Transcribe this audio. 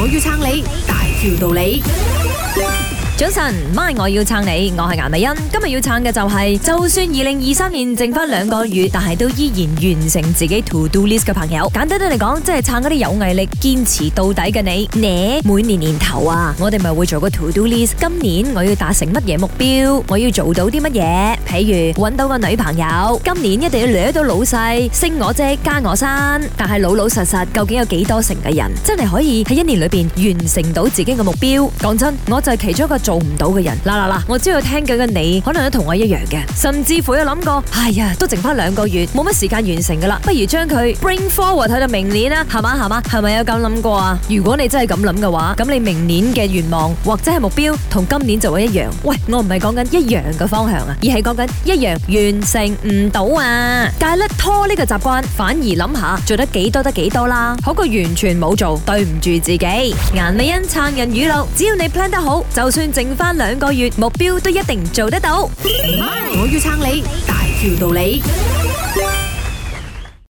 我要撐你，大條道理。早晨咪，MY 我要撐你，我係顏美欣，今日要撐嘅就係、是，就算二零二三年剩翻兩個月，但係都依然完成自己 to do list 嘅朋友。簡單啲嚟講，即係撐嗰啲有毅力、堅持到底嘅你。你每年年頭啊，我哋咪會做個 to do list，今年我要達成乜嘢目標，我要做到啲乜嘢？譬如揾到個女朋友，今年一定要掠到老細升我職加我薪，但係老老實實，究竟有幾多成嘅人真係可以喺一年裏邊完成到自己嘅目標？講真，我就係其中一個。做唔到嘅人，嗱嗱嗱，我知道聽緊嘅你可能都同我一樣嘅，甚至乎有諗過，哎呀，都剩翻兩個月，冇乜時間完成噶啦，不如將佢 bring forward 睇到明年啦，係嘛係嘛，係咪有咁諗過啊？如果你真係咁諗嘅話，咁你明年嘅願望或者係目標同今年就會一樣。喂，我唔係講緊一樣嘅方向是說啊，而係講緊一樣完成唔到啊，戒甩拖呢個習慣，反而諗下做得幾多少得幾多少啦，好過完全冇做，對唔住自己。顏美恩撐人語錄：只要你 plan 得好，就算。剩返兩個月，目標都一定做得到。我要撐你，大條道理。